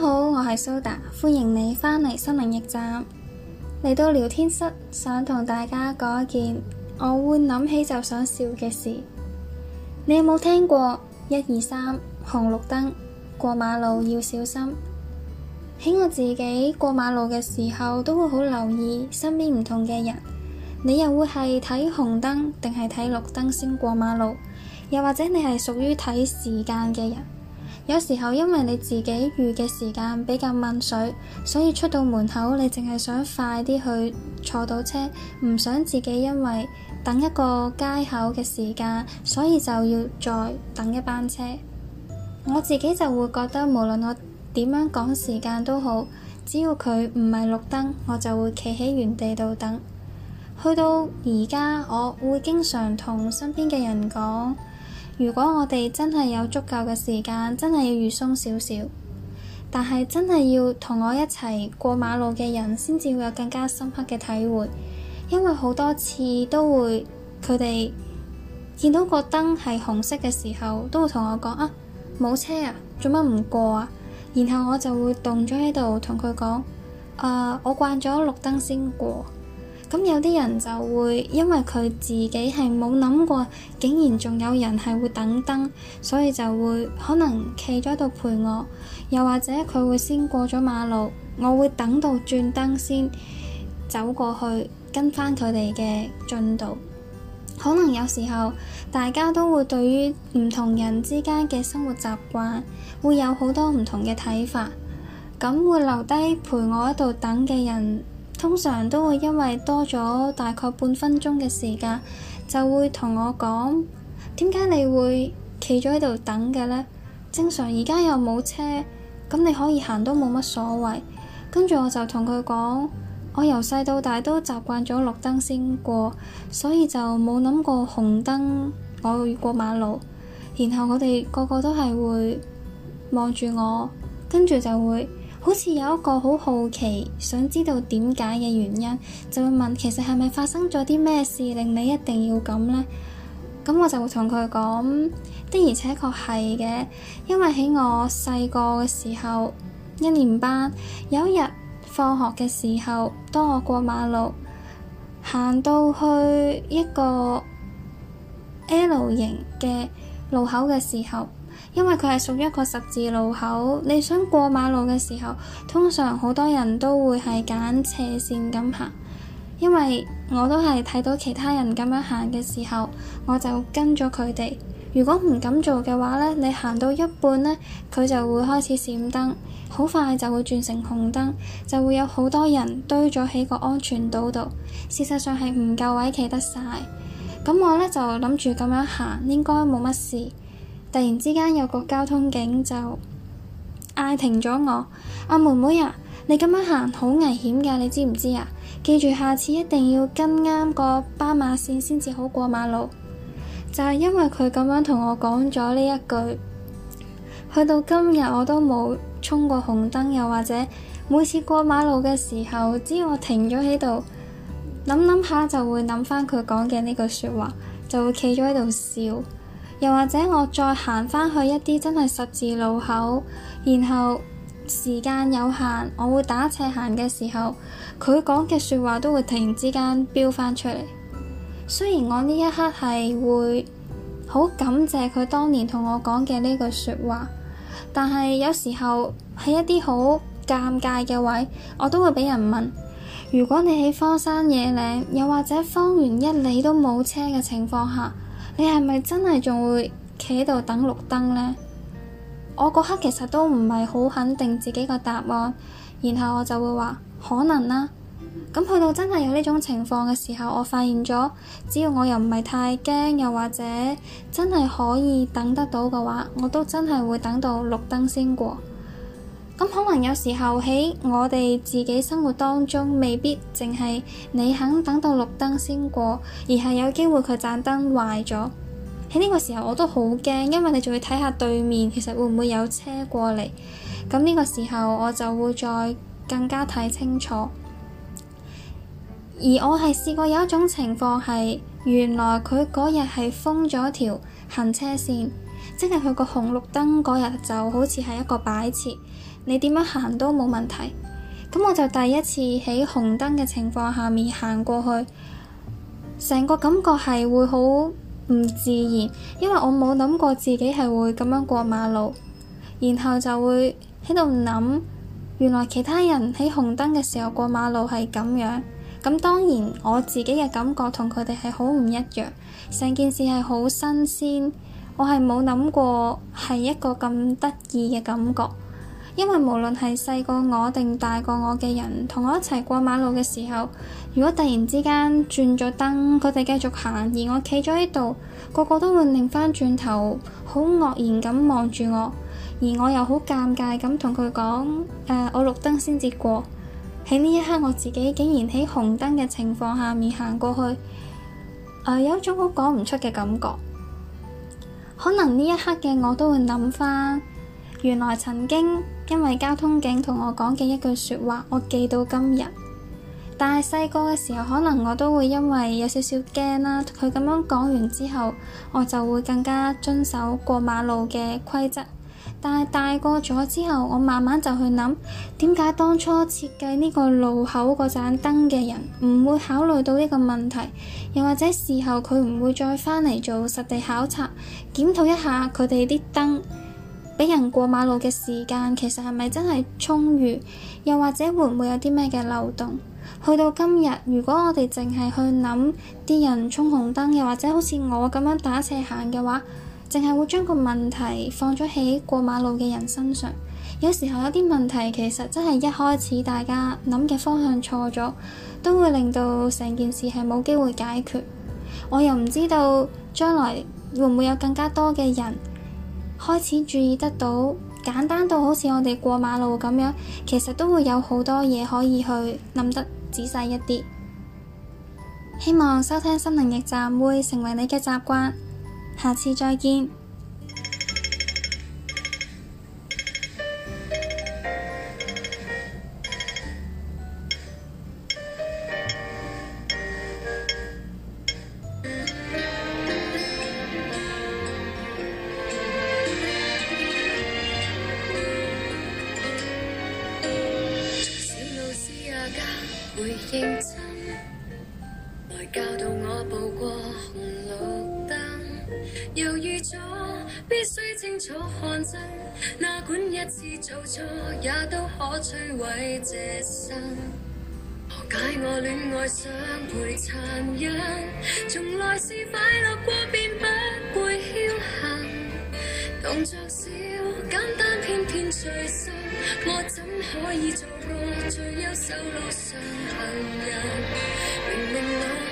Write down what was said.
好，我係蘇達，歡迎你返嚟心靈驛站。嚟到聊天室，想同大家講一件我會諗起就想笑嘅事。你有冇聽過一二三紅綠燈？過馬路要小心。喺我自己過馬路嘅時候，都會好留意身邊唔同嘅人。你又會係睇紅燈定係睇綠燈先過馬路？又或者你係屬於睇時間嘅人？有時候因為你自己預嘅時間比較掹水，所以出到門口你淨係想快啲去坐到車，唔想自己因為等一個街口嘅時間，所以就要再等一班車。我自己就會覺得，無論我點樣趕時間都好，只要佢唔係綠燈，我就會企喺原地度等。去到而家，我會經常同身邊嘅人講。如果我哋真係有足夠嘅時間，真係要預鬆少少。但係真係要同我一齊過馬路嘅人，先至會有更加深刻嘅體會。因為好多次都會佢哋見到個燈係紅色嘅時候，都會同我講啊，冇車啊，做乜唔過啊？然後我就會凍咗喺度同佢講，啊、呃，我慣咗綠燈先過。咁有啲人就會因為佢自己係冇諗過，竟然仲有人係會等燈，所以就會可能企咗喺度陪我，又或者佢會先過咗馬路，我會等到轉燈先走過去跟翻佢哋嘅進度。可能有時候大家都會對於唔同人之間嘅生活習慣會有好多唔同嘅睇法，咁會留低陪我喺度等嘅人。通常都會因為多咗大概半分鐘嘅時間，就會同我講點解你會企咗喺度等嘅咧？正常而家又冇車，咁你可以行都冇乜所謂。跟住我就同佢講，我由細到大都習慣咗綠燈先過，所以就冇諗過紅燈我會過馬路。然後我哋個個都係會望住我，跟住就會。好似有一個好好奇，想知道點解嘅原因，就會問：「其實係咪發生咗啲咩事令你一定要咁呢？」咁我就會同佢講：「的而且確係嘅，因為喺我細個嘅時候，一年班有一日放學嘅時候，當我過馬路行到去一個 L 型嘅路口嘅時候。因為佢係屬於一個十字路口，你想過馬路嘅時候，通常好多人都會係揀斜線咁行。因為我都係睇到其他人咁樣行嘅時候，我就跟咗佢哋。如果唔咁做嘅話咧，你行到一半咧，佢就會開始閃燈，好快就會轉成紅燈，就會有好多人堆咗喺個安全島度。事實上係唔夠位企得晒。咁我咧就諗住咁樣行，應該冇乜事。突然之間有個交通警就嗌停咗我，阿、啊、妹妹啊，你咁樣行好危險噶，你知唔知啊？記住下次一定要跟啱個斑馬線先至好過馬路。就係、是、因為佢咁樣同我講咗呢一句，去到今日我都冇衝過紅燈，又或者每次過馬路嘅時候，只要我停咗喺度諗諗下，想想就會諗翻佢講嘅呢句說話，就會企咗喺度笑。又或者我再行返去一啲真係十字路口，然後時間有限，我會打斜行嘅時候，佢講嘅説話都會突然之間飆翻出嚟。雖然我呢一刻係會好感謝佢當年同我講嘅呢句説話，但係有時候喺一啲好尷尬嘅位，我都會俾人問：如果你喺荒山野嶺，又或者方圓一里都冇車嘅情況下。你係咪真係仲會企度等綠燈呢？我嗰刻其實都唔係好肯定自己個答案，然後我就會話可能啦、啊。咁去到真係有呢種情況嘅時候，我發現咗，只要我又唔係太驚，又或者真係可以等得到嘅話，我都真係會等到綠燈先過。咁可能有時候喺我哋自己生活當中，未必淨係你肯等到綠燈先過，而係有機會佢盞燈壞咗。喺呢個時候我都好驚，因為你仲要睇下對面其實會唔會有車過嚟。咁呢個時候我就會再更加睇清楚。而我係試過有一種情況係，原來佢嗰日係封咗條行車線，即係佢個紅綠燈嗰日就好似係一個擺設。你點樣行都冇問題，咁我就第一次喺紅燈嘅情況下面行過去，成個感覺係會好唔自然，因為我冇諗過自己係會咁樣過馬路，然後就會喺度諗，原來其他人喺紅燈嘅時候過馬路係咁樣，咁當然，我自己嘅感覺同佢哋係好唔一樣，成件事係好新鮮，我係冇諗過係一個咁得意嘅感覺。因為無論係細過我定大過我嘅人，同我一齊過馬路嘅時候，如果突然之間轉咗燈，佢哋繼續行，而我企咗喺度，個個都會擰翻轉頭，好愕然咁望住我，而我又好尷尬咁同佢講，誒、呃，我綠燈先至過。喺呢一刻，我自己竟然喺紅燈嘅情況下面行過去，誒、呃，有一種好講唔出嘅感覺。可能呢一刻嘅我都會諗翻。原來曾經因為交通警同我講嘅一句説話，我記到今日。但係細個嘅時候，可能我都會因為有少少驚啦。佢咁樣講完之後，我就會更加遵守過馬路嘅規則。但係大過咗之後，我慢慢就去諗點解當初設計呢個路口嗰盞燈嘅人唔會考慮到呢個問題，又或者事後佢唔會再返嚟做實地考察檢討一下佢哋啲燈。畀人過馬路嘅時間，其實係咪真係充裕？又或者會唔會有啲咩嘅漏洞？去到今日，如果我哋淨係去諗啲人衝紅燈，又或者好似我咁樣打斜行嘅話，淨係會將個問題放咗喺過馬路嘅人身上。有時候有啲問題其實真係一開始大家諗嘅方向錯咗，都會令到成件事係冇機會解決。我又唔知道將來會唔會有更加多嘅人。開始注意得到，簡單到好似我哋過馬路咁樣，其實都會有好多嘢可以去諗得仔細一啲。希望收聽心靈驛站會成為你嘅習慣，下次再見。會認真，來教導我步過紅綠燈。猶豫咗必須清楚看真。哪管一次做錯，也都可摧毀這生。何解我戀愛雙倍殘忍？從來是快樂過，便不會。動着少簡單偏偏最深，我怎可以做個最優秀路上行人？明明兩